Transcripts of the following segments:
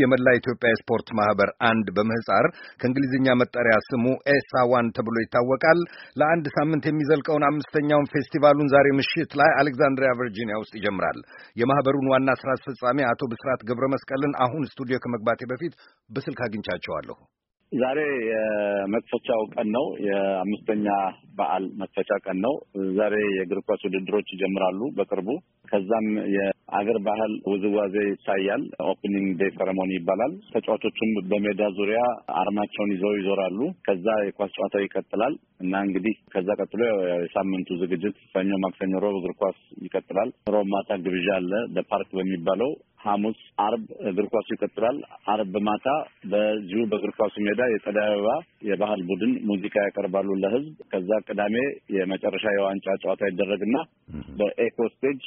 የመላ ኢትዮጵያ የስፖርት ማህበር አንድ በምህፃር ከእንግሊዝኛ መጠሪያ ስሙ ኤሳዋን ተብሎ ይታወቃል። ለአንድ ሳምንት የሚዘልቀውን አምስተኛውን ፌስቲቫሉን ዛሬ ምሽት ላይ አሌክዛንድሪያ ቨርጂኒያ ውስጥ ይጀምራል። የማህበሩን ዋና ስራ አስፈጻሚ አቶ ብስራት ገብረ መስቀልን አሁን ስቱዲዮ ከመግባቴ በፊት በስልክ አግኝቻቸዋለሁ። ዛሬ የመክፈቻው ቀን ነው። የአምስተኛ በዓል መክፈቻ ቀን ነው። ዛሬ የእግር ኳስ ውድድሮች ይጀምራሉ በቅርቡ። ከዛም የአገር ባህል ውዝዋዜ ይታያል። ኦፕኒንግ ዴይ ሰረሞኒ ይባላል። ተጫዋቾቹም በሜዳ ዙሪያ አርማቸውን ይዘው ይዞራሉ። ከዛ የኳስ ጨዋታው ይቀጥላል እና እንግዲህ ከዛ ቀጥሎ የሳምንቱ ዝግጅት ሰኞ፣ ማክሰኞ፣ ሮብ እግር ኳስ ይቀጥላል። ሮብ ማታ ግብዣ አለ በፓርክ በሚባለው ሐሙስ፣ አርብ እግር ኳሱ ይቀጥላል። አርብ ማታ በዚሁ በእግር ኳሱ ሜዳ የፀደይ አበባ የባህል ቡድን ሙዚቃ ያቀርባሉ ለህዝብ። ከዛ ቅዳሜ የመጨረሻ የዋንጫ ጨዋታ ይደረግና በኤኮ ስቴጅ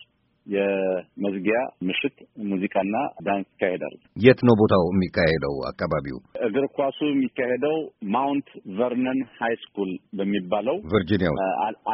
የመዝጊያ ምሽት ሙዚቃና ዳንስ ይካሄዳል። የት ነው ቦታው የሚካሄደው? አካባቢው እግር ኳሱ የሚካሄደው ማውንት ቨርነን ሀይ ስኩል በሚባለው ቨርጂኒያ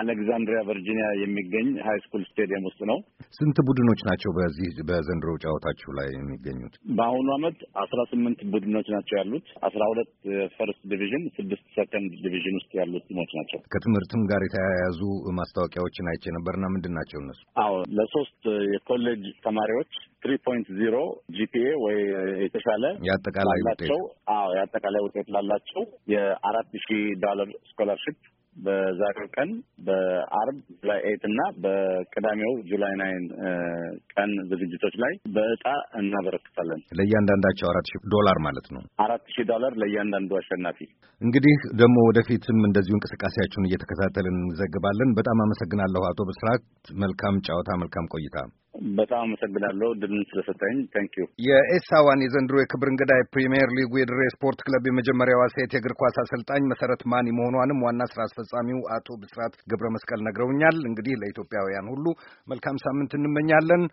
አሌክዛንድሪያ ቨርጂኒያ የሚገኝ ሀይ ስኩል ስቴዲየም ውስጥ ነው። ስንት ቡድኖች ናቸው በዚህ በዘንድሮ ጨዋታችሁ ላይ የሚገኙት? በአሁኑ አመት አስራ ስምንት ቡድኖች ናቸው ያሉት። አስራ ሁለት ፈርስት ዲቪዥን፣ ስድስት ሰከንድ ዲቪዥን ውስጥ ያሉት ቲሞች ናቸው። ከትምህርትም ጋር የተያያዙ ማስታወቂያዎችን አይቼ ነበርና ምንድን ናቸው እነሱ? አዎ ለሶስት የኮሌጅ ተማሪዎች ትሪ ፖይንት ዚሮ ጂፒኤ ወይ የተሻለ ያጠቃላይ ውጤት ያጠቃላይ ውጤት ላላቸው የአራት ሺህ ዶላር ስኮላርሽፕ በዛሬው ቀን በአርብ ጁላይ ኤት እና በቅዳሜው ጁላይ ናይን ቀን ዝግጅቶች ላይ በእጣ እናበረክታለን። ለእያንዳንዳቸው አራት ሺህ ዶላር ማለት ነው። አራት ሺህ ዶላር ለእያንዳንዱ አሸናፊ። እንግዲህ ደግሞ ወደፊትም እንደዚሁ እንቅስቃሴያችሁን እየተከታተልን እንዘግባለን። በጣም አመሰግናለሁ አቶ ብስራት። መልካም ጨዋታ፣ መልካም ቆይታ። በጣም አመሰግናለሁ ድልን ስለሰጠኝ። ታንክ ዩ። የኤሳዋን የዘንድሮ የክብር እንግዳ የፕሪምየር ሊጉ የድሬ ስፖርት ክለብ የመጀመሪያዋ ሴት የእግር ኳስ አሰልጣኝ መሰረት ማኒ መሆኗንም ዋና ስራ አስፈጻሚው አቶ ብስራት ገብረ መስቀል ነግረውኛል። እንግዲህ ለኢትዮጵያውያን ሁሉ መልካም ሳምንት እንመኛለን።